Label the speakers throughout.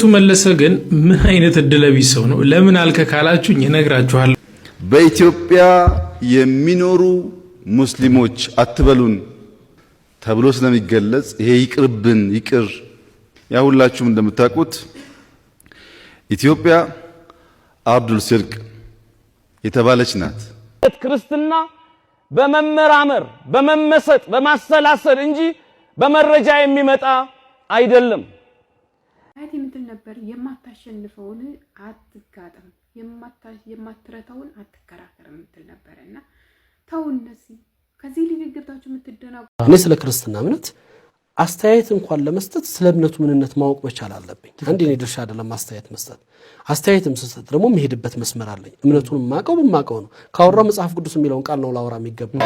Speaker 1: ቱ መለሰ ግን ምን አይነት እድለቢስ ሰው ነው? ለምን አልከ ካላችሁኝ እነግራችኋለሁ።
Speaker 2: በኢትዮጵያ የሚኖሩ ሙስሊሞች አትበሉን ተብሎ ስለሚገለጽ ይሄ ይቅርብን ይቅር። ያ ሁላችሁም እንደምታውቁት ኢትዮጵያ አብዱል ሲርቅ የተባለች ናት።
Speaker 3: ክርስትና በመመራመር በመመሰጥ በማሰላሰል እንጂ በመረጃ የሚመጣ አይደለም።
Speaker 4: ነበር። የማታሸንፈውን አትጋጥም፣ የማትረታውን አትከራከር የምትል ነበረ እና ተው እነዚህ ከዚህ ንግግራቸው የምትደናቁ
Speaker 1: እኔ ስለ ክርስትና እምነት አስተያየት እንኳን ለመስጠት ስለ እምነቱ ምንነት ማወቅ መቻል አለብኝ። አንድ የኔ ድርሻ አይደለም አስተያየት መስጠት። አስተያየትም ስሰጥ ደግሞ የሚሄድበት መስመር አለኝ። እምነቱን የማውቀው በማውቀው ነው። ካወራው መጽሐፍ ቅዱስ የሚለውን ቃል ነው ላወራ የሚገባ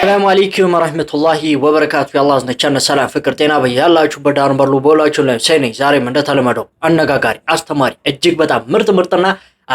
Speaker 3: ሰላሙ አለይኩም ረህመቱላሂ ወበረካቱ። የአላህ ዝነቻነ ሰላም ፍቅር ጤና በያላችሁ በዳር በሉ በሁላችሁ ላይ ሰኔ ዛሬም እንደተለመደው አነጋጋሪ አስተማሪ እጅግ በጣም ምርጥ ምርጥና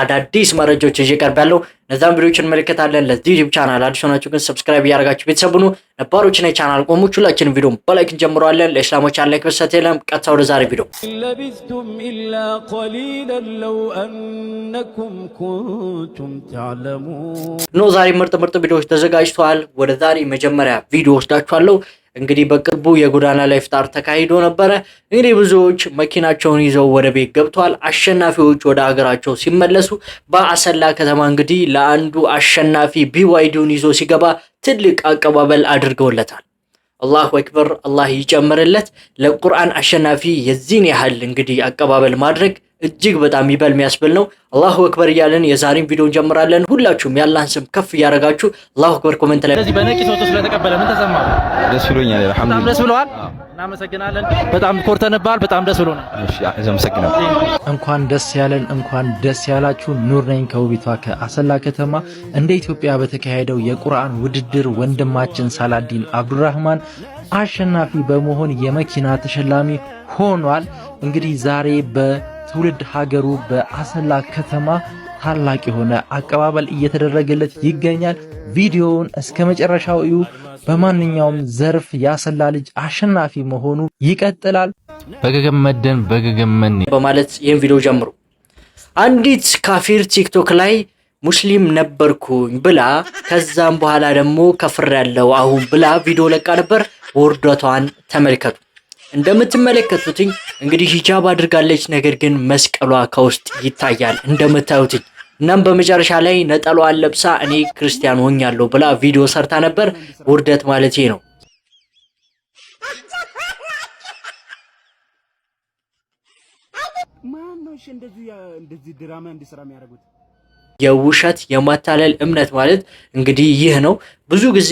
Speaker 3: አዳዲስ መረጃዎች ይዤ እቀርባለሁ። እነዛን ቪዲዮዎችን እንመለከታለን። ለዚህ ዩቲዩብ ቻናል አዲስ ሆናችሁ ግን ሰብስክራይብ እያደረጋችሁ ቤተሰብ ሁኑ። ነባሮች ነ ቻናል ቆሞች ሁላችንም ቪዲዮ በላይክ እንጀምረዋለን። ለእስላሞች አለ ክብሰት የለም። ቀጥታ ወደ ዛሬ ቪዲዮ ለቢስቱም ኢላ ቀሊለን ለው አነኩም ኩንቱም ተዕለሙን ኖ ዛሬ ምርጥ ምርጥ ቪዲዮዎች ተዘጋጅተዋል። ወደ ዛሬ መጀመሪያ ቪዲዮ ወስዳችኋለሁ። እንግዲህ በቅርቡ የጎዳና ላይ ፍጣር ተካሂዶ ነበረ። እንግዲህ ብዙዎች መኪናቸውን ይዘው ወደ ቤት ገብተዋል። አሸናፊዎች ወደ ሀገራቸው ሲመለሱ በአሰላ ከተማ እንግዲህ ለአንዱ አሸናፊ ቢዋይዲውን ይዞ ሲገባ ትልቅ አቀባበል አድርገውለታል። አላሁ አክበር፣ አላህ ይጨምርለት። ለቁርአን አሸናፊ የዚህን ያህል እንግዲህ አቀባበል ማድረግ እጅግ በጣም ይበል የሚያስብል ነው። አላሁ አክበር እያለን የዛሬን ቪዲዮ እንጀምራለን። ሁላችሁም ያላህን ስም ከፍ እያደረጋችሁ አላሁ አክበር ኮመንት ላይ ስለዚህ በነቂስ ወጥቶ ስለተቀበለ ምን ተሰማ? ደስ ብሎኛል። አልሐምዱሊላህ በጣም ደስ ብለዋል።
Speaker 1: እናመሰግናለን። በጣም ኮርተንብሃል። በጣም ደስ ብሎናል። እሺ አመሰግናለሁ። እንኳን ደስ ያለን፣ እንኳን ደስ ያላችሁ። ኑር ነኝ ከውቢቷ ከአሰላ ከተማ። እንደ ኢትዮጵያ በተካሄደው የቁርአን ውድድር ወንድማችን ሳላዲን አብዱራህማን አሸናፊ በመሆን የመኪና ተሸላሚ ሆኗል። እንግዲህ ዛሬ በ ትውልድ ሀገሩ በአሰላ ከተማ ታላቅ የሆነ አቀባበል እየተደረገለት ይገኛል። ቪዲዮውን እስከ መጨረሻው እዩ። በማንኛውም ዘርፍ የአሰላ ልጅ አሸናፊ መሆኑ ይቀጥላል።
Speaker 2: በገገመደን በገገመን
Speaker 3: በማለት ይህን ቪዲዮ ጀምሩ። አንዲት ካፊር ቲክቶክ ላይ ሙስሊም ነበርኩኝ ብላ ከዛም በኋላ ደግሞ ያለው አሁን ብላ ቪዲዮ ለቃ ነበር። ውርደቷን ተመልከቱ። እንደምትመለከቱትኝ እንግዲህ ሂጃብ አድርጋለች። ነገር ግን መስቀሏ ከውስጥ ይታያል እንደምታዩትኝ። እናም በመጨረሻ ላይ ነጠላዋን ለብሳ እኔ ክርስቲያን ሆኛለሁ ብላ ቪዲዮ ሰርታ ነበር። ውርደት ማለት ነው። ማን ነው እንደዚህ ድራማ እንዲሰራ የሚያደርጉት? የውሸት የማታለል እምነት ማለት እንግዲህ ይህ ነው። ብዙ ጊዜ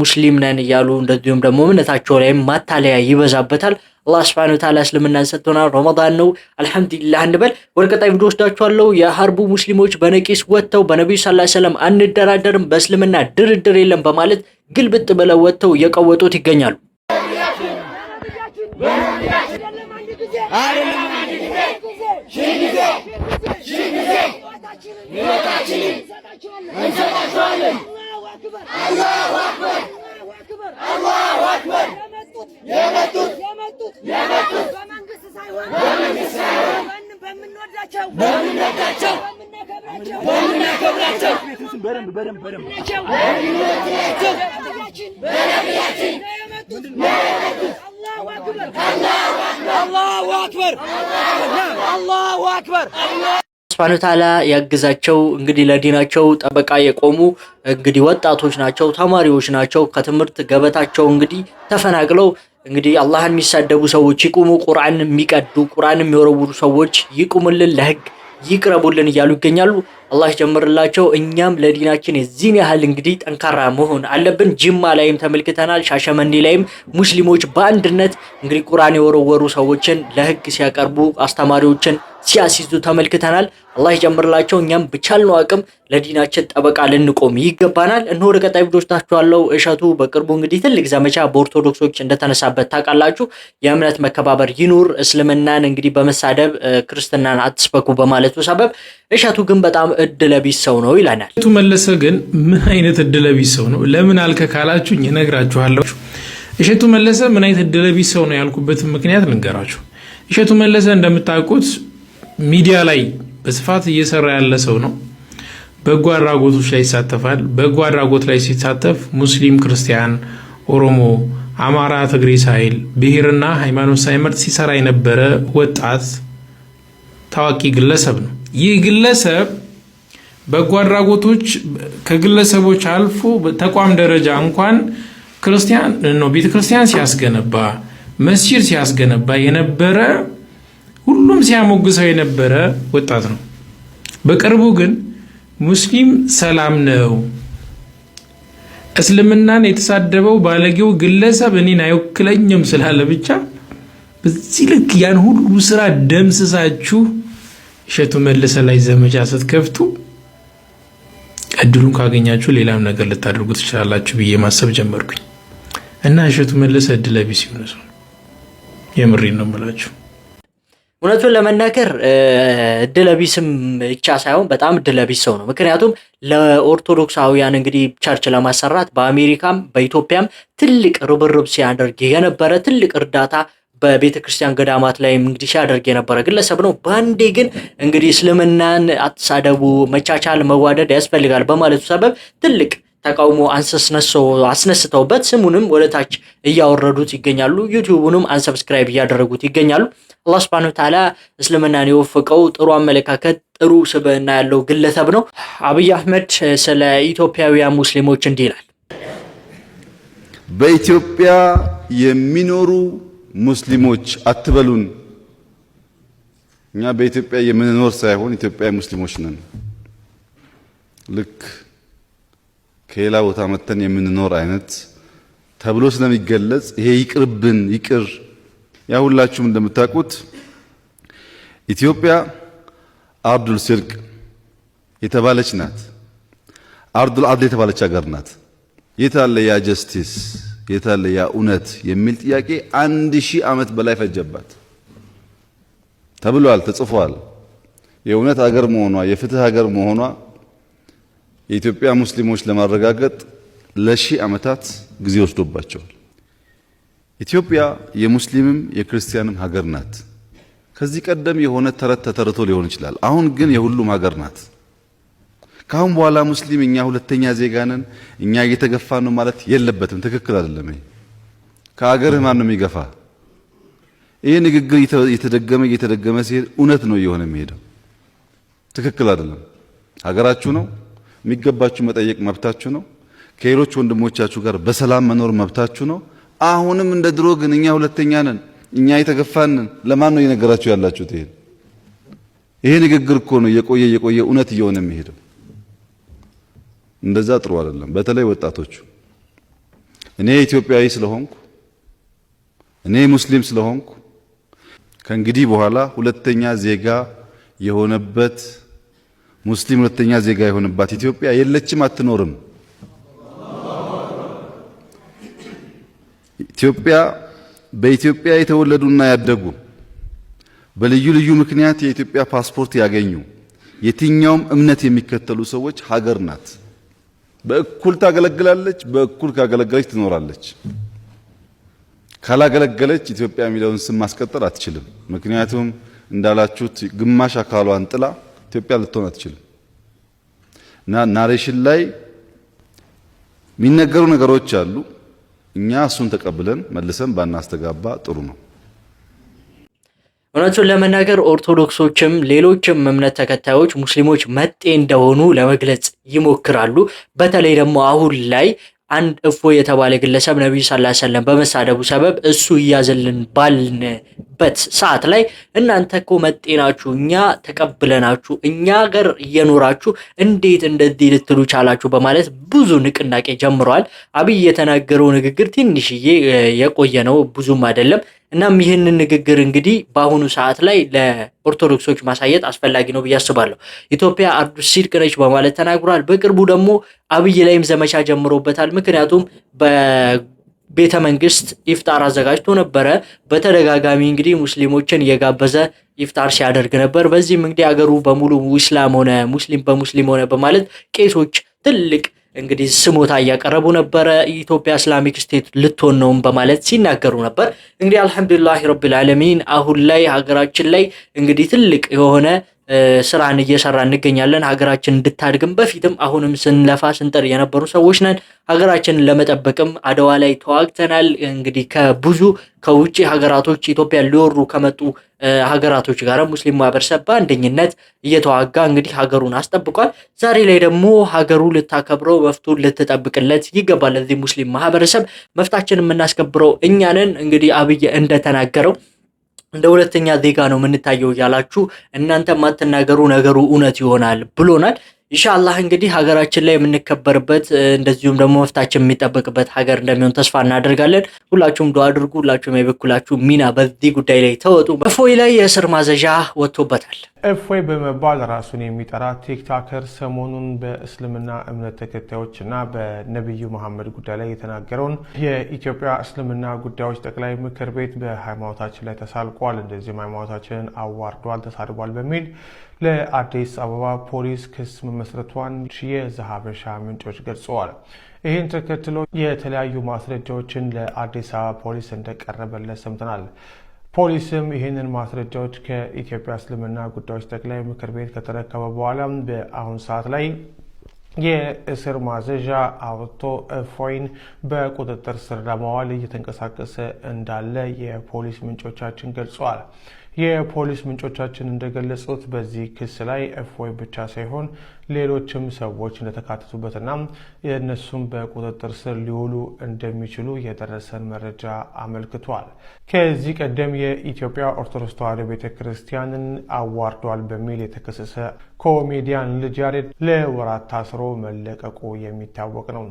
Speaker 3: ሙስሊም ነን እያሉ እንደዚሁም ደግሞ እምነታቸው ላይም ማታለያ ይበዛበታል። አላህ ስብሐነሁ ወተዓላ እስልምናን ሰጥቶናል። ረመዳን ነው አልሐምዱሊላህ እንበል። ወደ ቀጣይ ቪዲዮ ወስዳችኋለሁ። የሀርቡ ሙስሊሞች በነቂስ ወጥተው በነቢዩ ሰለላሁ ዐለይሂ ወሰለም አንደራደርም፣ በእስልምና ድርድር የለም በማለት ግልብጥ ብለው ወጥተው የቀወጡት ይገኛሉ። açılın. Millet açılın. Ensat açılın. Allahu Akbar. Allahu Akbar. Allahu Akbar. Allahu Akbar. Yemek tut. Yemek tut. Yemek tut. Yemek tut. በመንግስት ሳይሆን በመንግስት ሳይሆን በምንወዳቸው በምንወዳቸው በምናከብራቸው በምናከብራቸው በደንብ በደንብ በደንብ በምንወዳቸው በነቢያችን በነቢያችን የመጡት የመጡት الله أكبر الله أكبر الله أكبر الله أكبر ስብሓነ ተዓላ ያግዛቸው። እንግዲህ ለዲናቸው ጠበቃ የቆሙ እንግዲህ ወጣቶች ናቸው፣ ተማሪዎች ናቸው። ከትምህርት ገበታቸው እንግዲህ ተፈናቅለው እንግዲህ አላህን የሚሳደቡ ሰዎች ይቁሙ፣ ቁርአን የሚቀዱ ቁርአን የሚወረውሩ ሰዎች ይቁሙልን፣ ለህግ ይቅረቡልን እያሉ ይገኛሉ። አላህ ጀምርላቸው። እኛም ለዲናችን የዚህን ያህል እንግዲህ ጠንካራ መሆን አለብን። ጅማ ላይም ተመልክተናል፣ ሻሸመኔ ላይም ሙስሊሞች በአንድነት እንግዲህ ቁርአን የወረወሩ ሰዎችን ለህግ ሲያቀርቡ አስተማሪዎችን ሲያስይዙ ተመልክተናል። አላህ ይጨምርላቸው። እኛም ብቻልነው አቅም ለዲናችን ጠበቃ ልንቆም ይገባናል። እንሆ ወደ ቀጣይ ብዶችታችኋለው። እሸቱ በቅርቡ እንግዲህ ትልቅ ዘመቻ በኦርቶዶክሶች እንደተነሳበት ታውቃላችሁ። የእምነት መከባበር ይኑር፣ እስልምናን እንግዲህ በመሳደብ ክርስትናን አትስበኩ በማለቱ ሰበብ እሸቱ ግን በጣም እድለቢስ ሰው ነው ይለናል።
Speaker 1: ቱ መለሰ ግን ምን አይነት እድለቢስ ሰው ነው ለምን አልከ ካላችሁ እነግራችኋለሁ። እሸቱ መለሰ ምን አይነት እድለቢስ ሰው ነው ያልኩበትን ምክንያት ልንገራችሁ። እሸቱ መለሰ እንደምታውቁት ሚዲያ ላይ በስፋት እየሰራ ያለ ሰው ነው። በጎ አድራጎቶች ላይ ይሳተፋል። በጎ አድራጎት ላይ ሲሳተፍ ሙስሊም፣ ክርስቲያን፣ ኦሮሞ፣ አማራ፣ ትግሬ ሳይል ብሔርና ሃይማኖት ሳይመርጥ ሲሰራ የነበረ ወጣት ታዋቂ ግለሰብ ነው። ይህ ግለሰብ በጎ አድራጎቶች ከግለሰቦች አልፎ ተቋም ደረጃ እንኳን ክርስቲያን ነው ቤተ ክርስቲያን ሲያስገነባ መስጂድ ሲያስገነባ የነበረ ሁሉም ሲያሞግሰው የነበረ ወጣት ነው። በቅርቡ ግን ሙስሊም ሰላም ነው፣ እስልምናን የተሳደበው ባለጌው ግለሰብ እኔን አይወክለኝም ስላለ ብቻ በዚህ ልክ ያን ሁሉ ስራ ደምስሳችሁ እሸቱ መለሰ ላይ ዘመቻ ስትከፍቱ እድሉን ካገኛችሁ ሌላም ነገር ልታደርጉ ትችላላችሁ ብዬ ማሰብ ጀመርኩኝ እና እሸቱ መለሰ እድለ ቢስ የሆነ ሰው የምሬን ነው የምላችሁ።
Speaker 3: እውነቱን ለመናገር እድለ ቢስም ብቻ ሳይሆን በጣም እድለ ቢስ ሰው ነው። ምክንያቱም ለኦርቶዶክሳውያን እንግዲህ ቸርች ለማሰራት በአሜሪካም በኢትዮጵያም ትልቅ ርብርብ ሲያደርግ የነበረ ትልቅ እርዳታ በቤተክርስቲያን ገዳማት ላይ እንግዲህ ሲያደርግ የነበረ ግለሰብ ነው። በአንዴ ግን እንግዲህ እስልምናን አትሳደቡ፣ መቻቻል፣ መዋደድ ያስፈልጋል በማለቱ ሰበብ ትልቅ ተቃውሞ አስነስተውበት ስሙንም ወደታች እያወረዱት ይገኛሉ። ዩቲዩቡንም አንሰብስክራይብ እያደረጉት ይገኛሉ። አላህ ስብሐነሁ ተዓላ እስልምናን የወፈቀው ጥሩ አመለካከት፣ ጥሩ ስብዕና ያለው ግለሰብ ነው። አብይ አህመድ ስለ ኢትዮጵያውያን ሙስሊሞች እንዲህ ይላል።
Speaker 2: በኢትዮጵያ የሚኖሩ ሙስሊሞች አትበሉን። እኛ በኢትዮጵያ የምንኖር ሳይሆን ኢትዮጵያ ሙስሊሞች ነን። ልክ ከሌላ ቦታ መጥተን የምንኖር አይነት ተብሎ ስለሚገለጽ ይሄ ይቅርብን፣ ይቅር። ያ ሁላችሁም እንደምታውቁት ኢትዮጵያ አርዱል ስርቅ የተባለች ናት። አርዱል አድል የተባለች ሀገር ናት። የት አለ ያ ጀስቲስ የታለ ያ እውነት የሚል ጥያቄ አንድ ሺህ ዓመት በላይ ፈጀባት ተብሏል፣ ተጽፏል። የእውነት ሀገር መሆኗ የፍትህ ሀገር መሆኗ የኢትዮጵያ ሙስሊሞች ለማረጋገጥ ለሺህ ዓመታት ጊዜ ወስዶባቸዋል። ኢትዮጵያ የሙስሊምም የክርስቲያንም ሀገር ናት። ከዚህ ቀደም የሆነ ተረት ተተርቶ ሊሆን ይችላል። አሁን ግን የሁሉም ሀገር ናት። ከአሁን በኋላ ሙስሊም እኛ ሁለተኛ ዜጋ ነን፣ እኛ እየተገፋ ነው ማለት የለበትም። ትክክል አይደለም። ይሄ ከአገርህ ማን ነው የሚገፋ? ይሄ ንግግር እየተደገመ እየተደገመ ሲሄድ እውነት ነው እየሆነ የሚሄደው። ትክክል አይደለም። ሀገራችሁ ነው የሚገባችሁ፣ መጠየቅ መብታችሁ ነው። ከሌሎች ወንድሞቻችሁ ጋር በሰላም መኖር መብታችሁ ነው። አሁንም እንደ ድሮ ግን እኛ ሁለተኛ ነን፣ እኛ የተገፋንን ለማን ነው እየነገራችሁ ያላችሁት? ይሄ ይሄ ንግግር እኮ ነው የቆየ እየቆየ እውነት እየሆነ የሚሄደው። እንደዛ ጥሩ አይደለም። በተለይ ወጣቶቹ እኔ ኢትዮጵያዊ ስለሆንኩ እኔ ሙስሊም ስለሆንኩ ከእንግዲህ በኋላ ሁለተኛ ዜጋ የሆነበት ሙስሊም ሁለተኛ ዜጋ የሆነባት ኢትዮጵያ የለችም፣ አትኖርም። ኢትዮጵያ በኢትዮጵያ የተወለዱና ያደጉ በልዩ ልዩ ምክንያት የኢትዮጵያ ፓስፖርት ያገኙ የትኛውም እምነት የሚከተሉ ሰዎች ሀገር ናት። በእኩል ታገለግላለች። በእኩል ካገለገለች ትኖራለች። ካላገለገለች ኢትዮጵያ የሚለውን ስም ማስቀጠል አትችልም። ምክንያቱም እንዳላችሁት ግማሽ አካሏን ጥላ ኢትዮጵያ ልትሆን አትችልም እና ናሬሽን ላይ የሚነገሩ ነገሮች አሉ። እኛ እሱን ተቀብለን መልሰን ባናስተጋባ ጥሩ ነው።
Speaker 3: እውነቱን ለመናገር ኦርቶዶክሶችም ሌሎችም እምነት ተከታዮች ሙስሊሞች መጤ እንደሆኑ ለመግለጽ ይሞክራሉ። በተለይ ደግሞ አሁን ላይ አንድ እፎ የተባለ ግለሰብ ነቢዩ ሰለላሁ ዐለይሂ ወሰለም በመሳደቡ ሰበብ እሱ እያዘልን ባልን በት ሰዓት ላይ እናንተ እኮ መጤናችሁ እኛ ተቀብለናችሁ እኛ ሀገር እየኖራችሁ እንዴት እንደዚህ ልትሉ ቻላችሁ? በማለት ብዙ ንቅናቄ ጀምረዋል። አብይ የተናገረው ንግግር ትንሽዬ የቆየ ነው፣ ብዙም አይደለም። እናም ይህንን ንግግር እንግዲህ በአሁኑ ሰዓት ላይ ለኦርቶዶክሶች ማሳየት አስፈላጊ ነው ብዬ አስባለሁ። ኢትዮጵያ አርዱስ ሲድቅ ነች በማለት ተናግሯል። በቅርቡ ደግሞ አብይ ላይም ዘመቻ ጀምሮበታል። ምክንያቱም ቤተ መንግስት ኢፍጣር አዘጋጅቶ ነበረ። በተደጋጋሚ እንግዲህ ሙስሊሞችን እየጋበዘ ኢፍጣር ሲያደርግ ነበር። በዚህም እንግዲህ አገሩ በሙሉ ኢስላም ሆነ ሙስሊም በሙስሊም ሆነ በማለት ቄሶች ትልቅ እንግዲህ ስሞታ እያቀረቡ ነበረ። ኢትዮጵያ እስላሚክ ስቴት ልትሆን ነውም በማለት ሲናገሩ ነበር። እንግዲህ አልሐምዱሊላህ ረቢል ዓለሚን አሁን ላይ ሀገራችን ላይ እንግዲህ ትልቅ የሆነ ስራን እየሰራ እንገኛለን። ሀገራችን እንድታድግም በፊትም አሁንም ስንለፋ ስንጥር የነበሩ ሰዎች ነን። ሀገራችንን ለመጠበቅም አድዋ ላይ ተዋግተናል። እንግዲህ ከብዙ ከውጭ ሀገራቶች ኢትዮጵያ ሊወሩ ከመጡ ሀገራቶች ጋር ሙስሊም ማህበረሰብ በአንደኝነት እየተዋጋ እንግዲህ ሀገሩን አስጠብቋል። ዛሬ ላይ ደግሞ ሀገሩ ልታከብረው መፍቱ ልትጠብቅለት ይገባል። እዚህ ሙስሊም ማህበረሰብ መፍታችን የምናስከብረው እኛንን እንግዲህ አብይ እንደተናገረው እንደ ሁለተኛ ዜጋ ነው የምንታየው እያላችሁ እናንተ ማትናገሩ ነገሩ እውነት ይሆናል ብሎናል። ኢንሻአላህ እንግዲህ ሀገራችን ላይ የምንከበርበት እንደዚሁም ደግሞ መፍታችን የሚጠበቅበት ሀገር እንደሚሆን ተስፋ እናደርጋለን። ሁላችሁም ዱአ አድርጉ። ሁላችሁም የበኩላችሁ ሚና በዚህ ጉዳይ ላይ ተወጡ። እፎይ ላይ የእስር ማዘዣ ወጥቶበታል።
Speaker 5: እፎይ በመባል ራሱን የሚጠራ ቲክታከር ሰሞኑን በእስልምና እምነት ተከታዮችና በነቢዩ መሐመድ ጉዳይ ላይ የተናገረውን የኢትዮጵያ እስልምና ጉዳዮች ጠቅላይ ምክር ቤት በሃይማኖታችን ላይ ተሳልቋል፣ እንደዚሁም ሃይማኖታችንን አዋርዷል፣ ተሳድቧል በሚል ለአዲስ አበባ ፖሊስ ክስ መመስረቷን የዘሀበሻ ምንጮች ገልጸዋል። ይህን ተከትሎ የተለያዩ ማስረጃዎችን ለአዲስ አበባ ፖሊስ እንደቀረበለት ሰምተናል። ፖሊስም ይህንን ማስረጃዎች ከኢትዮጵያ እስልምና ጉዳዮች ጠቅላይ ምክር ቤት ከተረከበ በኋላ በአሁኑ ሰዓት ላይ የእስር ማዘዣ አውጥቶ እፎይን በቁጥጥር ስር ለማዋል እየተንቀሳቀሰ እንዳለ የፖሊስ ምንጮቻችን ገልጸዋል። የፖሊስ ምንጮቻችን እንደገለጹት በዚህ ክስ ላይ እፎይ ብቻ ሳይሆን ሌሎችም ሰዎች እንደተካተቱበትና እነሱም በቁጥጥር ስር ሊውሉ እንደሚችሉ የደረሰን መረጃ አመልክቷል። ከዚህ ቀደም የኢትዮጵያ ኦርቶዶክስ ተዋሕዶ ቤተ ክርስቲያንን አዋርዷል በሚል የተከሰሰ ኮሜዲያን ልጅ ያሬድ ለወራት ታስሮ መለቀቁ የሚታወቅ ነው።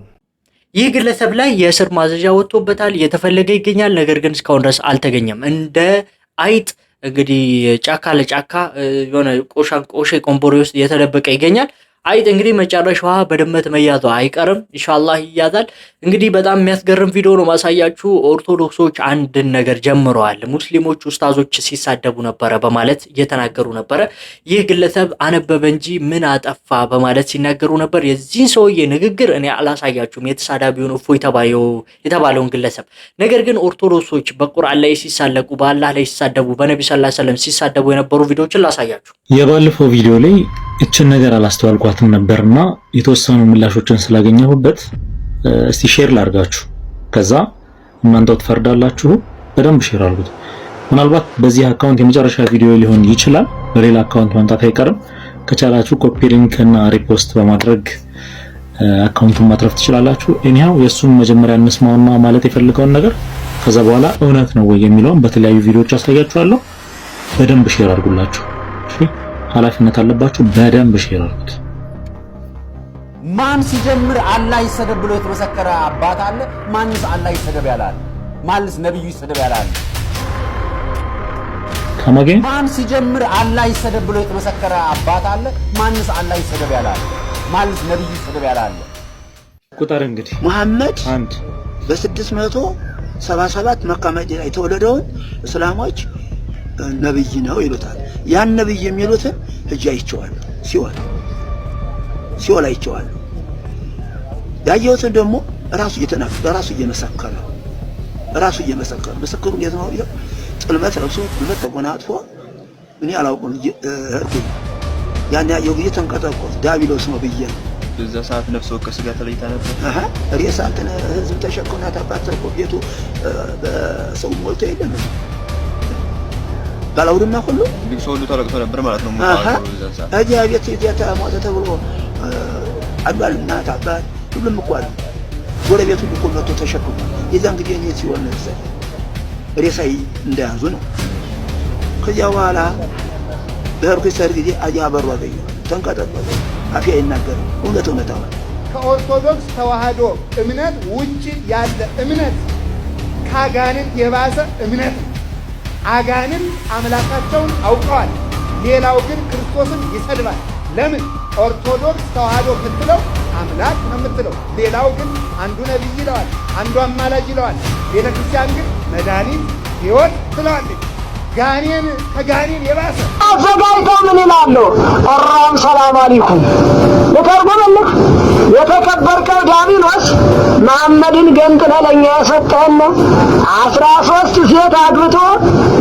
Speaker 3: ይህ ግለሰብ ላይ የእስር ማዘዣ ወጥቶበታል፣ እየተፈለገ ይገኛል። ነገር ግን እስካሁን ድረስ አልተገኘም። እንደ አይጥ እንግዲህ ጫካ ለጫካ የሆነ ቆሻ ቆሼ ቆንቦሬ ውስጥ እየተደበቀ ይገኛል። አይጥ እንግዲህ መጨረሻዋ በድመት መያዟ አይቀርም፣ ኢንሻአላህ ይያዛል። እንግዲህ በጣም የሚያስገርም ቪዲዮ ነው ማሳያችሁ። ኦርቶዶክሶች አንድን ነገር ጀምረዋል። ሙስሊሞች ኡስታዞች ሲሳደቡ ነበረ በማለት እየተናገሩ ነበረ። ይህ ግለሰብ አነበበ እንጂ ምን አጠፋ በማለት ሲናገሩ ነበር። የዚህን ሰውዬ ንግግር እኔ አላሳያችሁም፣ የተሳዳቢውን እፎ የተባለውን ግለሰብ። ነገር ግን ኦርቶዶክሶች በቁርአን ላይ ሲሳለቁ፣ በአላህ ላይ ሲሳደቡ፣ በነቢ ሰለላሁ ዐለይሂ ወሰለም ሲሳደቡ የነበሩ ቪዲዮዎችን ላሳያችሁ።
Speaker 1: የባለፈው ቪዲዮ ላይ እችን ነገር አላስተዋልኳትም ነበርና የተወሰኑ ምላሾችን ስላገኘሁበት እስቲ ሼር ላርጋችሁ። ከዛ እናንተው ትፈርዳላችሁ። በደንብ ሼር አድርጉት። ምናልባት በዚህ አካውንት የመጨረሻ ቪዲዮ ሊሆን ይችላል። በሌላ አካውንት መምጣት አይቀርም። ከቻላችሁ ኮፒ ሊንክ እና ሪፖስት በማድረግ አካውንቱን ማትረፍ ትችላላችሁ። እኒያው የእሱን መጀመሪያ እንስማውና ማለት የፈልገውን ነገር ከዛ በኋላ እውነት ነው ወይ የሚለውን በተለያዩ ቪዲዮዎች አሳያችኋለሁ። በደንብ ሼር አድርጉላችሁ። ኃላፊነት አለባችሁ። በደንብ ሼር አድርጉት። ማን ሲጀምር አላህ ይሰደብ ብሎ የተመሰከረ አባት አለ? ማንስ አላህ ይሰደብ ያላል? ማንስ ነብዩ ይሰደብ ያላል? ከመገኝ ማን ሲጀምር አላህ ይሰደብ ብሎ የተመሰከረ አባት አለ? ማንስ
Speaker 6: አላህ ይሰደብ ያላል? ማንስ ነብዩ ይሰደብ ያላል? ቁጥር እንግዲህ መሐመድ አንድ በ677 መካ መዲና የተወለደውን እስላሞች ነብይ ነው ይሉታል። ያን ነብይ የሚሉትን እጅ አይቼዋለሁ። ሲወል ሲወል አይቼዋለሁ። ያየሁትን ደግሞ ራሱ እየተናገረ ራሱ እየመሰከረ ራሱ እየመሰከረ ምስክሩ እንዴት ነው? ይሄ ጥልመት ለብሶ ጥልመት ተጎናጥፎ እኔ አላውቅም እርኩኝ ያን ያየሁ ጊዜ ተንቀጠቆት ዳቢሎስ ነው ብዬ ነው።
Speaker 7: በዛ ሰዓት ነፍስ ወከፍ ስጋ ተለይታ ነበር።
Speaker 6: አሃ ሬሳ ህዝብ ተሸክሞና ተባተርኩ ቤቱ በሰው ሞልቶ የለም ባላውድማ ሁሉ
Speaker 7: ሰው ሁሉ ተረግቶ ነበር ማለት ነው።
Speaker 6: እዚያ ቤት እዚያ ተሟተ ተብሎ አሏል እናት አባት ሁሉም እኮ አሉ። ጎረቤት ሁሉ እኮ መጥቶ ተሸክሟል። የዛን ጊዜ እኔ ሲሆን ሬሳይ እንደያዙ ነው። ከዚያ በኋላ በሄድኩ ሰር ጊዜ አዚያ በሩ አገኘ ተንቀጠቀጠ። አፌ አይናገርም። እውነት እውነት አዋል
Speaker 8: ከኦርቶዶክስ ተዋህዶ እምነት ውጭ ያለ እምነት ካጋንንት የባሰ እምነት አጋንን አምላካቸውን አውቀዋል። ሌላው ግን ክርስቶስን ይሰድባል። ለምን? ኦርቶዶክስ ተዋህዶ ምትለው አምላክ ነው የምትለው። ሌላው ግን አንዱ ነቢይ ይለዋል፣ አንዱ አማላጅ ይለዋል። ቤተ ክርስቲያን ግን መድኃኒት ሕይወት ትለዋለች። ጋኔን ከጋኔን የባሰ
Speaker 9: አዘጋጅተው ምን ይላሉ? ሰላም አለይኩም ልተርጉምልህ የተከበርከው ዲያብሎስ መሐመድን ገንጥለ ለእኛ የሰጠህን ነው። አስራ ሶስት ሴት አግብቶ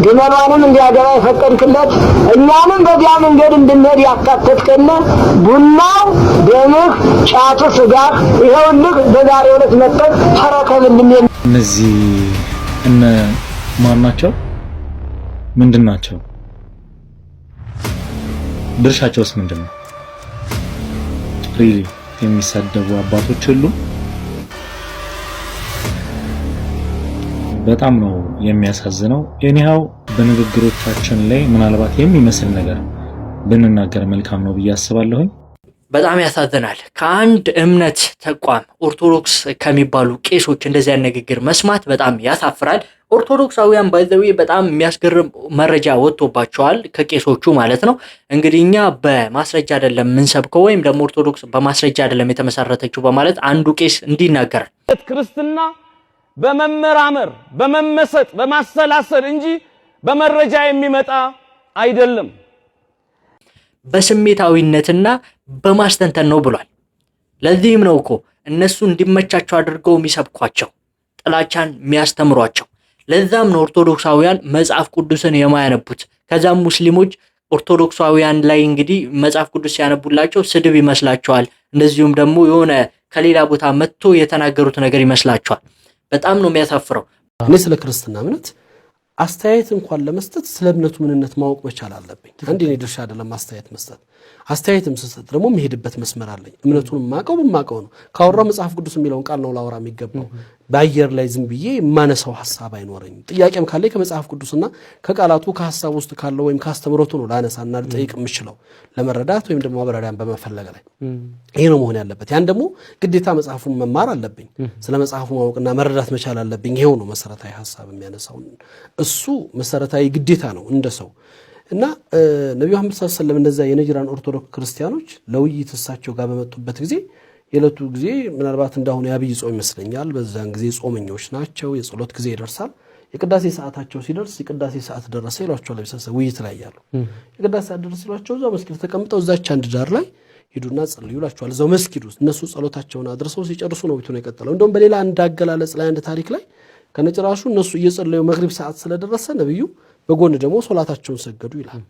Speaker 9: ግመሏንም እንዲያገባ የፈቀድክለት እኛንም በዚያ መንገድ እንድንሄድ ያካተትከን ቡናው ደምህ፣ ጫቱ ስጋህ ይኸውልህ በዛሬው ዕለት መጠቅ ተረከብ እንድንሄድ
Speaker 1: እነዚህ እነ ማን ናቸው? ምንድን ናቸው? ድርሻቸውስ ምንድን ነው? ሪሊ የሚሰደቡ አባቶች ሁሉ በጣም ነው የሚያሳዝነው። ኤኒሃው በንግግሮቻችን ላይ ምናልባት የሚመስል ነገር ብንናገር መልካም ነው ብዬ አስባለሁኝ።
Speaker 3: በጣም ያሳዝናል። ከአንድ እምነት ተቋም ኦርቶዶክስ ከሚባሉ ቄሶች እንደዚያ ንግግር መስማት በጣም ያሳፍራል። ኦርቶዶክሳውያን ባይዘዊ በጣም የሚያስገርም መረጃ ወጥቶባቸዋል፣ ከቄሶቹ ማለት ነው። እንግዲህ እኛ በማስረጃ አይደለም የምንሰብከው ወይም ደግሞ ኦርቶዶክስ በማስረጃ አይደለም የተመሰረተችው በማለት አንዱ ቄስ እንዲናገራል። ክርስትና በመመራመር በመመሰጥ በማሰላሰል እንጂ በመረጃ የሚመጣ አይደለም፣ በስሜታዊነትና በማስተንተን ነው ብሏል። ለዚህም ነው እኮ እነሱ እንዲመቻቸው አድርገው የሚሰብኳቸው ጥላቻን የሚያስተምሯቸው ለዛም ነው ኦርቶዶክሳውያን መጽሐፍ ቅዱስን የማያነቡት። ከዛም ሙስሊሞች ኦርቶዶክሳውያን ላይ እንግዲህ መጽሐፍ ቅዱስ ሲያነቡላቸው ስድብ ይመስላቸዋል። እንደዚሁም ደግሞ የሆነ ከሌላ ቦታ መጥቶ የተናገሩት ነገር ይመስላቸዋል። በጣም ነው የሚያሳፍረው።
Speaker 1: እኔ ስለ ክርስትና እምነት አስተያየት እንኳን ለመስጠት ስለ እምነቱ ምንነት ማወቅ መቻል አለብኝ። አንድ የኔ ድርሻ አይደለም አስተያየት መስጠት አስተያየትም ስሰጥ ደግሞ የሚሄድበት መስመር አለኝ። እምነቱን የማውቀው በማውቀው ነው። ካወራው መጽሐፍ ቅዱስ የሚለውን ቃል ነው ላወራ የሚገባው። በአየር ላይ ዝም ብዬ የማነሳው ሀሳብ አይኖረኝም። ጥያቄም ካለ ከመጽሐፍ ቅዱስና ከቃላቱ ከሀሳብ ውስጥ ካለው ወይም ከአስተምሮቱ ነው ላነሳና ልጠይቅ የምችለው ለመረዳት ወይም ደግሞ ማብራሪያን በመፈለግ ላይ ይሄ ነው መሆን ያለበት። ያን ደግሞ ግዴታ መጽሐፉን መማር አለብኝ። ስለ መጽሐፉ ማወቅና መረዳት መቻል አለብኝ። ይሄው ነው መሰረታዊ ሀሳብ የሚያነሳውን እሱ መሰረታዊ ግዴታ ነው እንደ ሰው እና ነቢዩ መሐመድ ሰለላሁ ዐለይሂ ወሰለም እነዛ የነጅራን ኦርቶዶክስ ክርስቲያኖች ለውይይት እሳቸው ጋር በመጡበት ጊዜ የዕለቱ ጊዜ ምናልባት እንዳሁኑ የአብይ ጾም ይመስለኛል። በዛን ጊዜ ጾመኞች ናቸው። የጸሎት ጊዜ ይደርሳል። የቅዳሴ ሰዓታቸው ሲደርስ የቅዳሴ ሰዓት ደረሰ ይሏቸዋል። ለምሳሌ ውይይት ላይ ያሉ የቅዳሴ ሰዓት ደረሰ ይሏቸው እዛው መስጊድ ተቀምጠው እዛች አንድ ዳር ላይ ሂዱና ጸልዩ ይሏቸዋል። እዛው መስጊድ ውስጥ እነሱ ጸሎታቸውን አድርሰው ሲጨርሱ ነው ቤቱ ነው የቀጠለው። እንደውም በሌላ አንድ አገላለጽ ላይ አንድ ታሪክ ላይ ከነጭራሹ እነሱ እየጸለዩ መግሪብ ሰዓት ስለደረሰ ነብዩ በጎን ደግሞ ሶላታቸውን ሰገዱ ይላል።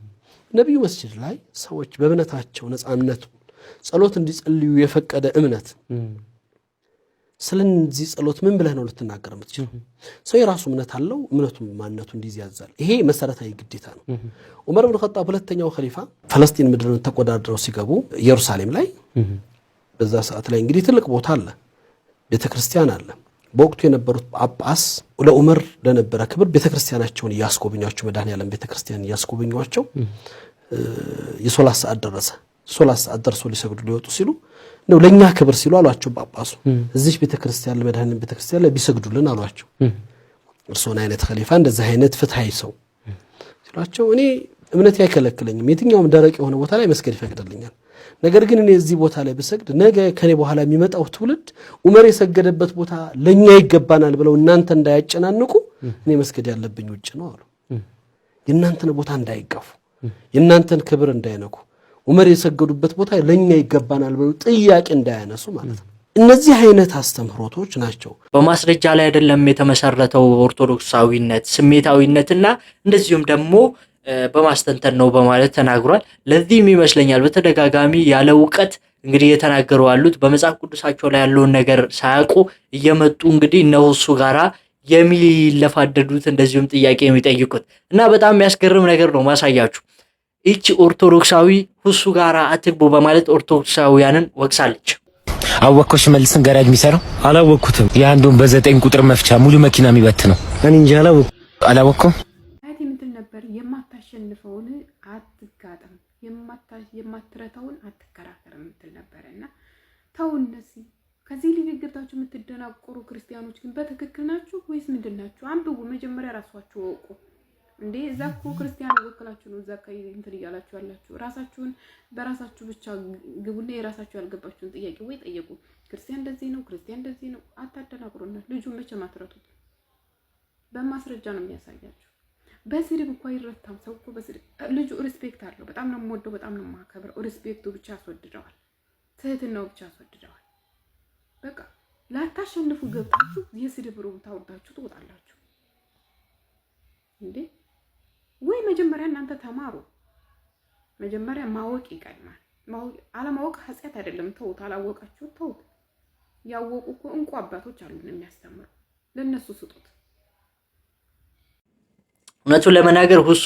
Speaker 1: ነቢዩ መስጅድ ላይ ሰዎች በእምነታቸው ነፃነቱ ጸሎት እንዲጸልዩ የፈቀደ እምነት ስለዚህ ጸሎት ምን ብለህ ነው ልትናገር የምትችለው? ሰው የራሱ እምነት አለው። እምነቱ ማንነቱ እንዲህ ያዛል። ይሄ መሰረታዊ ግዴታ ነው። ዑመር ብን ኸጣብ ሁለተኛው ኸሊፋ ፈለስጢን ምድርን ተቆዳድረው ሲገቡ ኢየሩሳሌም ላይ በዛ ሰዓት ላይ እንግዲህ ትልቅ ቦታ አለ፣ ቤተ ክርስቲያን አለ። በወቅቱ የነበሩት ጳጳስ ለዑመር ለነበረ ክብር ቤተክርስቲያናቸውን እያስጎበኟቸው መድኃኔዓለም ቤተክርስቲያን እያስጎበኟቸው የሶላት ሰዓት ደረሰ። ሶላት ሰዓት ደርሶ ሊሰግዱ ሊወጡ ሲሉ ነው ለእኛ ክብር ሲሉ አሏቸው ጳጳሱ እዚህ ቤተክርስቲያን ለመድኃኔዓለም ቤተክርስቲያን ላይ ቢሰግዱልን አሏቸው። እርስዎን አይነት ከሊፋ እንደዚህ አይነት ፍትሐዊ ሰው ሲሏቸው እኔ እምነቴ አይከለክለኝም የትኛውም ደረቅ የሆነ ቦታ ላይ መስገድ ይፈቅድልኛል ነገር ግን እኔ እዚህ ቦታ ላይ ብሰግድ ነገ ከኔ በኋላ የሚመጣው ትውልድ ዑመር የሰገደበት ቦታ ለእኛ ይገባናል ብለው እናንተ እንዳያጨናንቁ እኔ መስገድ ያለብኝ ውጭ ነው አሉ። የእናንተን ቦታ እንዳይጋፉ፣ የእናንተን ክብር እንዳይነኩ፣ ዑመር የሰገዱበት ቦታ ለእኛ ይገባናል ብለው ጥያቄ እንዳያነሱ ማለት ነው። እነዚህ አይነት አስተምህሮቶች ናቸው።
Speaker 3: በማስረጃ ላይ አይደለም የተመሰረተው ኦርቶዶክሳዊነት፣ ስሜታዊነትና እንደዚሁም ደግሞ በማስተንተን ነው በማለት ተናግሯል። ለዚህም ይመስለኛል በተደጋጋሚ ያለ እውቀት እንግዲህ የተናገሩ ያሉት በመጽሐፍ ቅዱሳቸው ላይ ያለውን ነገር ሳያውቁ እየመጡ እንግዲህ እነሱ ጋራ የሚለፋደዱት እንደዚሁም ጥያቄ የሚጠይቁት እና በጣም የሚያስገርም ነገር ነው ማሳያችሁ። ይቺ ኦርቶዶክሳዊ ሁሱ ጋር አትግቡ በማለት ኦርቶዶክሳውያንን ወቅሳለች።
Speaker 1: አወቅኮሽ መልስን ገራጅ የሚሰራው አላወቅኩትም። የአንዱን በዘጠኝ ቁጥር መፍቻ ሙሉ መኪና የሚበት ነው። እኔ እንጂ አላወቅኩም። የምታሸንፈውን አትጋጥም፣
Speaker 4: የማትረታውን አትከራከር የምትል ነበረ እና ተው እነዚህ ከዚህ ገብታችሁ የምትደናቆሩ ክርስቲያኖች ግን በትክክል ናችሁ ወይስ ምንድን ናችሁ? አንብቡ መጀመሪያ ራሷችሁ ወቁ። እንዴ እዛ እኮ ክርስቲያን ወክላችሁ ነው እዛ እንትን እያላችሁ ያላችሁ። ራሳችሁን በራሳችሁ ብቻ ግቡና የራሳችሁ ያልገባችሁን ጥያቄ ወይ ጠየቁ። ክርስቲያን እንደዚህ ነው፣ ክርስቲያን እንደዚህ ነው። አታደናቁሩና ልጁ መቼ ማትረቱት በማስረጃ ነው የሚያሳያችሁ። በስድብ እንኳ ይረታም። ሰው እኮ በስድብ ልጁ ሪስፔክት አለው። በጣም ነው የምወደው፣ በጣም ነው የማከብረው። ሪስፔክቱ ብቻ አስወድደዋል፣ ትህትናው ብቻ አስወድደዋል። በቃ ላታሸንፉ ገብታችሁ የስድብ ሮም ታወርዳችሁ ትወጣላችሁ እንዴ? ወይ መጀመሪያ እናንተ ተማሩ። መጀመሪያ ማወቅ ይቀድማል። አለማወቅ ኃጢአት አይደለም። ተውት፣ አላወቃችሁ ተውት። ያወቁ እኮ እንቁ አባቶች አሉን የሚያስተምሩ፣ ለእነሱ ስጡት።
Speaker 3: እውነቱን ለመናገር ሁሱ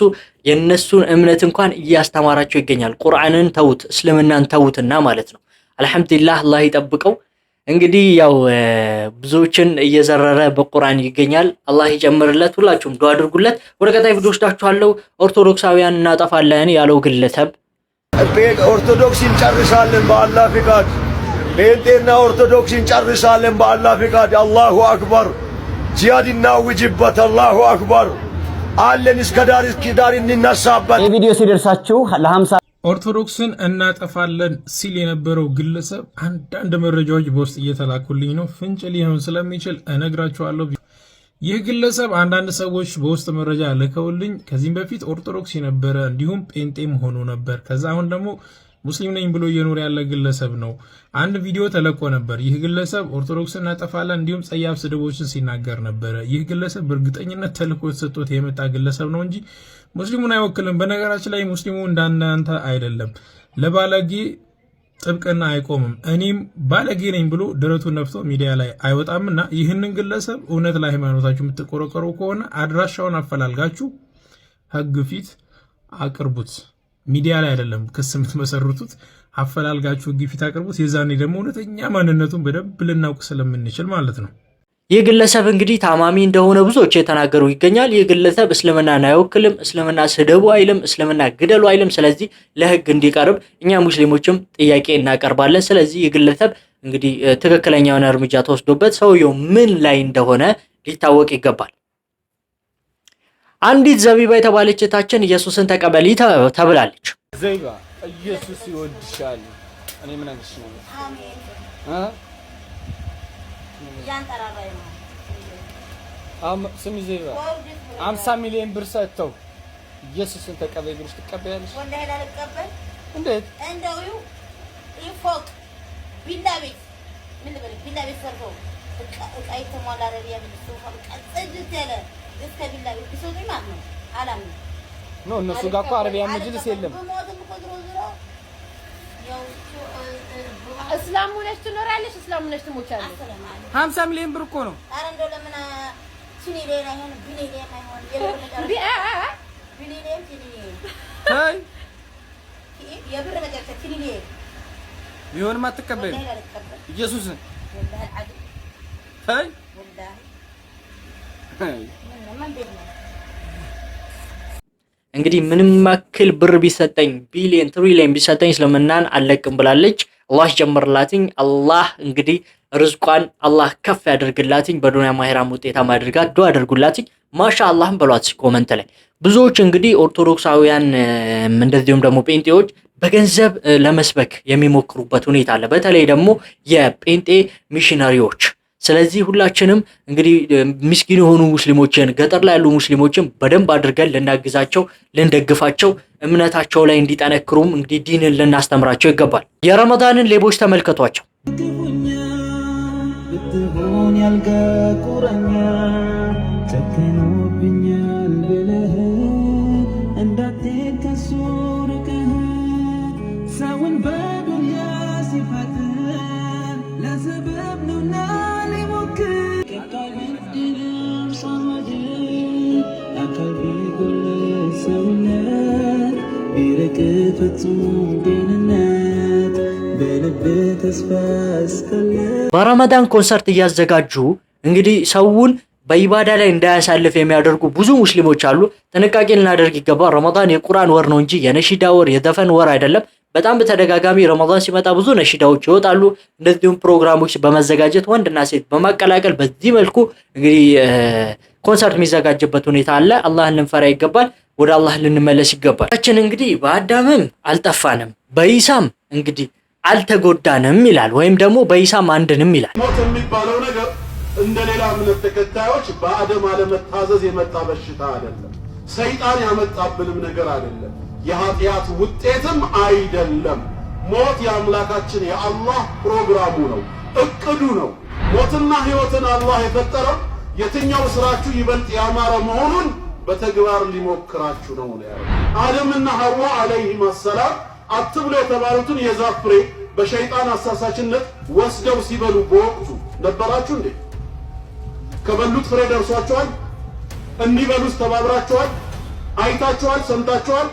Speaker 3: የእነሱን እምነት እንኳን እያስተማራቸው ይገኛል። ቁርአንን ተውት፣ እስልምናን ተውትና ማለት ነው። አልሐምዱሊላህ አላህ ይጠብቀው። እንግዲህ ያው ብዙዎችን እየዘረረ በቁርአን ይገኛል። አላህ ይጨምርለት። ሁላችሁም ዱዓ አድርጉለት። ወደ ቀጣይ ቪዲዮ ወስዳችኋለሁ። ኦርቶዶክሳውያን እናጠፋለን ያለው ግለሰብ
Speaker 10: ኦርቶዶክስ እንጨርሳለን በአላህ ፍቃድ። ጴንጤና ኦርቶዶክስ እንጨርሳለን በአላህ ፍቃድ። አላሁ አክበር። ጂሃድ እናውጅበት። አላሁ አክበር አለን እስከ ዳር እስከ ዳር እንነሳበት።
Speaker 3: ይህ ቪዲዮ ሲደርሳችሁ ለሀምሳ
Speaker 5: ኦርቶዶክስን እናጠፋለን ሲል የነበረው ግለሰብ አንዳንድ መረጃዎች በውስጥ እየተላኩልኝ ነው። ፍንጭ ሊሆን ስለሚችል እነግራችኋለሁ። ይህ ግለሰብ አንዳንድ ሰዎች በውስጥ መረጃ ልከውልኝ ከዚህም በፊት ኦርቶዶክስ የነበረ እንዲሁም ጴንጤም ሆኖ ነበር። ከዛ አሁን ደግሞ ሙስሊም ነኝ ብሎ እየኖረ ያለ ግለሰብ ነው። አንድ ቪዲዮ ተለቆ ነበር። ይህ ግለሰብ ኦርቶዶክስን እናጠፋለን እንዲሁም ጸያፍ ስድቦችን ሲናገር ነበረ። ይህ ግለሰብ በእርግጠኝነት ተልኮ የተሰጦት የመጣ ግለሰብ ነው እንጂ ሙስሊሙን አይወክልም። በነገራችን ላይ ሙስሊሙ እንዳናንተ አይደለም። ለባለጌ ጥብቅና አይቆምም። እኔም ባለጌ ነኝ ብሎ ደረቱን ነፍቶ ሚዲያ ላይ አይወጣምና ይህንን ግለሰብ እውነት ለሃይማኖታችሁ የምትቆረቆሩ ከሆነ አድራሻውን አፈላልጋችሁ ህግ ፊት አቅርቡት። ሚዲያ ላይ አይደለም ክስ የምትመሰርቱት፣ አፈላልጋችሁ ሕግ ፊት አቅርቡት። የዛኔ ደግሞ እውነተኛ ማንነቱን በደንብ ልናውቅ ስለምንችል ማለት ነው።
Speaker 3: ይህ ግለሰብ እንግዲህ ታማሚ እንደሆነ ብዙዎች የተናገሩ ይገኛል። ይህ ግለሰብ እስልምናን አይወክልም፣ እስልምና ስደቡ አይልም፣ እስልምና ግደሉ አይልም። ስለዚህ ለህግ እንዲቀርብ እኛ ሙስሊሞችም ጥያቄ እናቀርባለን። ስለዚህ ይህ ግለሰብ እንግዲህ ትክክለኛውን እርምጃ ተወስዶበት ሰውየው ምን ላይ እንደሆነ ሊታወቅ ይገባል። አንዲት ዘቢባ የተባለች እህታችን ኢየሱስን ተቀበሊ ተብላለች።
Speaker 11: ዘቢባ ኢየሱስ ይወድሻል። እኔ ምን ነው ስሚ ዘቢባ አምሳ ሚሊዮን ብር ሰጥተው ኢየሱስን ተቀበይ ትቀበያለሽ? ወላሂ ላልቀበል። እንዴት
Speaker 12: እንደው ይፎቅ ቢላ ቤት ምን ልበል ቢላ ቤት ሰርቶ እቃ የተሟላ ረቢያ ምን ሶፋ በቃ ጽድት ያለ እስከ ቢላ ቤት ማለት ነው
Speaker 3: ነው እነሱ ጋር እኮ አረቢያ መጅልስ የለም።
Speaker 13: እስላም ሆነሽ ትኖራለሽ፣ እስላም ሆነሽ ትሞቻለሽ።
Speaker 11: ሀምሳ ሚሊዮን ብር እኮ ነው። ኧረ እንደው ለምን አትቀበይም ኢየሱስን
Speaker 3: እንግዲህ ምንም ያክል ብር ቢሰጠኝ ቢሊየን ትሪሊየን ቢሰጠኝ እስልምናን አለቅም ብላለች። አላህ ጀምርላትኝ። አላህ እንግዲህ ርዝቋን አላህ ከፍ ያደርግላትኝ። በዱንያ ማሄራም ውጤታማ ያደርጋት። ዱዓ አድርጉላትኝ። ማሻ አላህም በሏት ኮመንት ላይ ብዙዎች እንግዲህ ኦርቶዶክሳውያን እንደዚሁም ደግሞ ጴንጤዎች በገንዘብ ለመስበክ የሚሞክሩበት ሁኔታ አለ። በተለይ ደግሞ የጴንጤ ሚሽነሪዎች ስለዚህ ሁላችንም እንግዲህ ምስኪን የሆኑ ሙስሊሞችን ገጠር ላይ ያሉ ሙስሊሞችን በደንብ አድርገን ልናግዛቸው፣ ልንደግፋቸው፣ እምነታቸው ላይ እንዲጠነክሩም እንግዲህ ዲንን ልናስተምራቸው ይገባል። የረመዳንን ሌቦች ተመልከቷቸው። ያልገቁረኛ ሰውነት ቢርቅ ፍጹም ጤንነት በልብ ተስፋ እስካለ በረመዳን ኮንሰርት እያዘጋጁ እንግዲህ ሰውን በኢባዳ ላይ እንዳያሳልፍ የሚያደርጉ ብዙ ሙስሊሞች አሉ። ጥንቃቄ ልናደርግ ይገባል። ረመዳን የቁርአን ወር ነው እንጂ የነሺዳ ወር፣ የዘፈን ወር አይደለም። በጣም በተደጋጋሚ ረመዳን ሲመጣ ብዙ ነሺዳዎች ይወጣሉ። እንደዚሁም ፕሮግራሞች በመዘጋጀት ወንድና ሴት በማቀላቀል በዚህ መልኩ እንግዲህ ኮንሰርት የሚዘጋጅበት ሁኔታ አለ። አላህን ልንፈራ ይገባል። ወደ አላህ ልንመለስ ይገባል። ችን እንግዲህ በአዳምም አልጠፋንም በኢሳም እንግዲህ አልተጎዳንም ይላል፣ ወይም ደግሞ በኢሳም አንድንም ይላል።
Speaker 10: ሞት የሚባለው ነገር እንደ ሌላ እምነት ተከታዮች በአደም አለመታዘዝ የመጣ በሽታ አይደለም። ሰይጣን ያመጣብንም ነገር አይደለም። የኃጢአት ውጤትም አይደለም። ሞት የአምላካችን የአላህ ፕሮግራሙ ነው፣ እቅዱ ነው። ሞትና ህይወትን አላህ የፈጠረው የትኛው ስራችሁ ይበልጥ ያማረ መሆኑን በተግባር ሊሞክራችሁ ነው ነው ያለው። አደምና ሐዋ አለይሂም ሰላም አትብሎ የተባሉትን የዛፍ ፍሬ በሸይጣን አሳሳችነት ወስደው ሲበሉ በወቅቱ ነበራችሁ እንዴ? ከበሉት ፍሬ ደርሷችኋል? እንዲበሉስ ተባብራችኋል? አይታችኋል? ሰምታችኋል?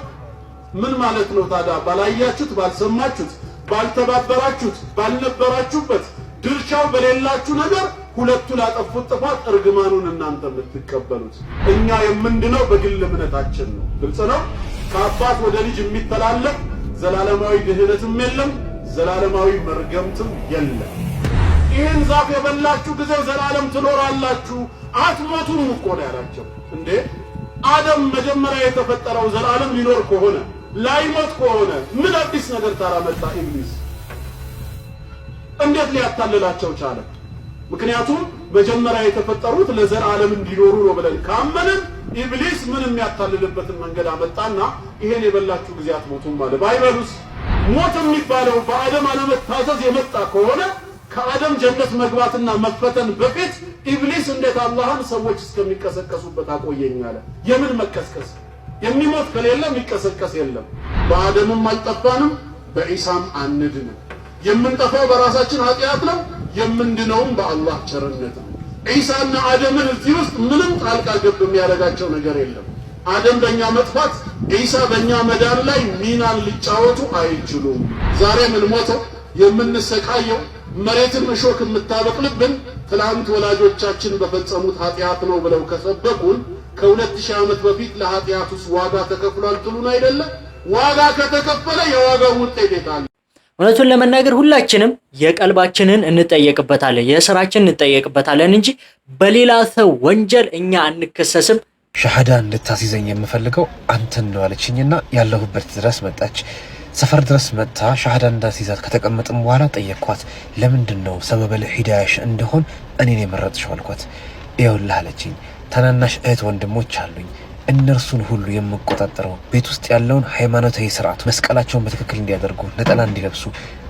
Speaker 10: ምን ማለት ነው ታዲያ? ባላያችሁት፣ ባልሰማችሁት፣ ባልተባበራችሁት፣ ባልነበራችሁበት ድርሻው በሌላችሁ ነገር ሁለቱ ላጠፉት ጥፋት እርግማኑን እናንተ የምትቀበሉት። እኛ የምንድነው በግል እምነታችን ነው። ግልጽ ነው። ከአባት ወደ ልጅ የሚተላለፍ ዘላለማዊ ድህነትም የለም፣ ዘላለማዊ መርገምትም የለም። ይህን ዛፍ የበላችሁ ጊዜ ዘላለም ትኖራላችሁ አትሞቱም እኮ ነው ያላቸው። እንዴ አደም መጀመሪያ የተፈጠረው ዘላለም ሊኖር ከሆነ ላይሞት ከሆነ ምን አዲስ ነገር ታራ ኢብሊስ እንዴት ሊያታልላቸው ቻለ? ምክንያቱም መጀመሪያ የተፈጠሩት ለዘር ዓለም እንዲኖሩ ነው ብለን ካመንን ኢብሊስ ምን የሚያታልልበትን መንገድ አመጣና ይሄን የበላችሁ ጊዜ አትሞቱም አለ። ባይበሉስ ሞት የሚባለው በአደም አለመታዘዝ የመጣ ከሆነ ከአደም ጀነት መግባትና መፈተን በፊት ኢብሊስ እንዴት አላህን ሰዎች እስከሚቀሰቀሱበት አቆየኝ አለ። የምን መቀስቀስ? የሚሞት ከሌለ የሚቀሰቀስ የለም። በአደምም አልጠፋንም፣ በኢሳም አንድንም። የምንጠፋው በራሳችን ኃጢአት ነው። የምንድነውም በአላህ ቸርነት ነው። ዒሳና አደምን እዚህ ውስጥ ምንም ጣልቃ ገብ የሚያደርጋቸው ነገር የለም። አደም በእኛ መጥፋት፣ ዒሳ በእኛ መዳን ላይ ሚናን ሊጫወቱ አይችሉም። ዛሬ የምንሞተው የምንሰቃየው መሬትን እሾክ የምታበቅልብን ትላንት ወላጆቻችን በፈጸሙት ኃጢአት ነው ብለው ከሰበኩን ከሁለት ሺህ ዓመት በፊት ለኃጢአት ውስጥ ዋጋ ተከፍሏል ትሉን አይደለም? ዋጋ ከተከፈለ የዋጋው ውጤት የታለ?
Speaker 3: እውነቱን ለመናገር ሁላችንም የቀልባችንን እንጠየቅበታለን፣ የስራችን እንጠየቅበታለን እንጂ በሌላ ሰው ወንጀል እኛ አንከሰስም። ሻሃዳ እንድታስይዘኝ የምፈልገው አንተን ነው አለችኝና ያለሁበት ድረስ መጣች። ሰፈር ድረስ መጥታ ሻሃዳ እንዳስይዛት ከተቀመጥም በኋላ ጠየቅኳት። ለምንድን ነው ሰበበል ሂዳያሽ እንደሆን እኔን የመረጥሽው አልኳት። ይኸውልህ አለችኝ፣ ታናናሽ እህት ወንድሞች አሉኝ እነርሱን ሁሉ የምቆጣጠረው ቤት ውስጥ ያለውን ሃይማኖታዊ ስርዓት መስቀላቸውን በትክክል እንዲያደርጉ፣ ነጠላ እንዲለብሱ፣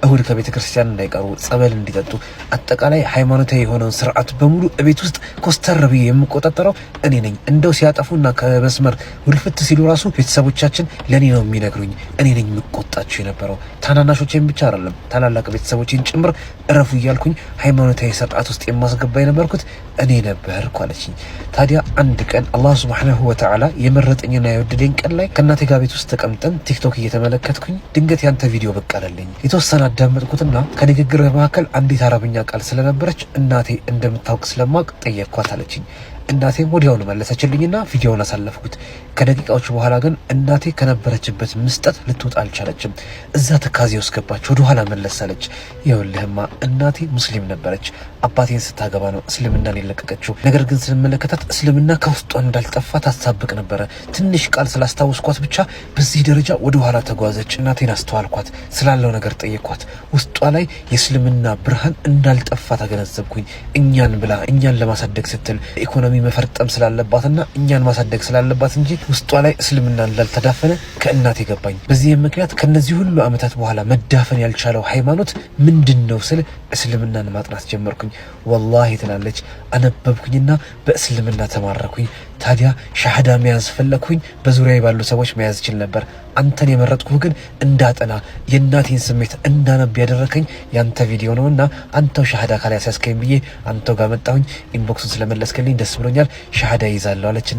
Speaker 3: እሁድ ከቤተ ክርስቲያን እንዳይቀሩ፣ ጸበል እንዲጠጡ፣ አጠቃላይ ሃይማኖታዊ የሆነውን ስርዓት በሙሉ ቤት ውስጥ ኮስተር ብዬ የምቆጣጠረው እኔ ነኝ። እንደው ሲያጠፉና ከመስመር ውልፍት ሲሉ ራሱ ቤተሰቦቻችን ለእኔ ነው የሚነግሩኝ። እኔ ነኝ የምቆጣቸው የነበረው ታናናሾቼን ብቻ አይደለም ታላላቅ ቤተሰቦችን ጭምር እረፉ እያልኩኝ ሃይማኖታዊ ስርዓት ውስጥ የማስገባ የነበርኩት እኔ ነበርኩ አለችኝ። ታዲያ አንድ ቀን አላህ ሱብሓነሁ ወተዓላ ብላ የመረጠኝና የወደደኝ ቀን ላይ ከእናቴ ጋር ቤት ውስጥ ተቀምጠን ቲክቶክ እየተመለከትኩኝ ድንገት ያንተ ቪዲዮ ብቅ አለልኝ። የተወሰነ አዳመጥኩትና ከንግግር መካከል አንዲት አረብኛ ቃል ስለነበረች እናቴ እንደምታውቅ ስለማውቅ ጠየቅኳት አለችኝ። እናቴም ወዲያውኑ መለሰችልኝና ቪዲዮውን አሳለፍኩት። ከደቂቃዎች በኋላ ግን እናቴ ከነበረችበት ምስጠት ልትወጣ አልቻለችም። እዛ ትካዜ ውስጥ ገባች፣ ወደኋላ መለስ አለች። ይኸውልህማ እናቴ ሙስሊም ነበረች። አባቴን ስታገባ ነው እስልምናን የለቀቀችው። ነገር ግን ስንመለከታት እስልምና ከውስጧ እንዳልጠፋ ታሳብቅ ነበረ። ትንሽ ቃል ስላስታወስኳት ብቻ በዚህ ደረጃ ወደኋላ ተጓዘች። እናቴን አስተዋልኳት፣ ስላለው ነገር ጠየኳት። ውስጧ ላይ የእስልምና ብርሃን እንዳልጠፋ ታገነዘብኩኝ። እኛን ብላ እኛን ለማሳደግ ስትል ኢኮኖሚ በድጋሚ መፈርጠም ስላለባትና እኛን ማሳደግ ስላለባት እንጂ ውስጧ ላይ እስልምና እንዳልተዳፈነ ከእናት የገባኝ። በዚህም ምክንያት ከነዚህ ሁሉ ዓመታት በኋላ መዳፈን ያልቻለው ሃይማኖት ምንድን ነው ስል እስልምናን ማጥናት ጀመርኩኝ። ወላሂ ትላለች። አነበብኩኝና በእስልምና ተማረኩኝ። ታዲያ ሻህዳ መያዝ ፈለግኩኝ። በዙሪያ ባሉ ሰዎች መያዝ ችል ነበር። አንተን የመረጥኩህ ግን እንዳጠና የእናቴን ስሜት እንዳነብ ያደረከኝ ያንተ ቪዲዮ ነው እና አንተው ሻህዳ ካላ ያስያዝከኝ ብዬ አንተው ጋር መጣሁኝ። ኢንቦክሱን ስለመለስክልኝ ደስ ብሎኛል። ሻህዳ ይዛለሁ አለች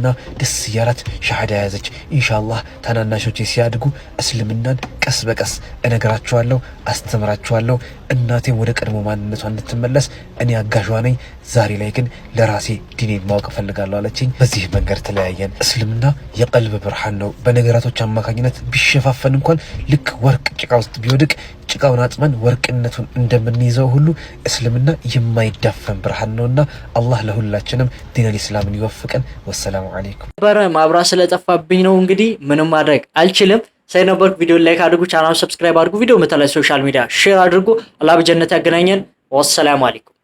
Speaker 3: ደስ እያላት ሻሃዳ ያዘች። ኢንሻላህ ታናናሾቼ ሲያድጉ እስልምናን ቀስ በቀስ እነግራችኋለሁ፣ አስተምራችኋለሁ። እናቴም ወደ ቀድሞ ማንነቷ እንድትመለስ እኔ አጋዧ ነኝ። ዛሬ ላይ ግን ለራሴ ዲኔን ማወቅ እፈልጋለሁ አለችኝ በዚህ በዚህ መንገድ ተለያየን። እስልምና የቀልብ ብርሃን ነው። በነገራቶች አማካኝነት ቢሸፋፈን እንኳን ልክ ወርቅ ጭቃ ውስጥ ቢወድቅ ጭቃውን አጥመን ወርቅነቱን እንደምንይዘው ሁሉ እስልምና የማይዳፈን ብርሃን ነውና አላህ ለሁላችንም ዲነል ኢስላምን ይወፍቀን። ወሰላሙ አለይኩም። በረ ማብራት ስለጠፋብኝ ነው እንግዲህ ምንም ማድረግ አልችልም። ሳይነበርክ ቪዲዮ ላይክ አድርጉ፣ ቻናሉ ሰብስክራይብ አድርጉ፣ ቪዲዮ መተላይ ሶሻል ሚዲያ ሼር አድርጉ። አላህ በጀነት ያገናኘን። ወሰላሙ አለይኩም።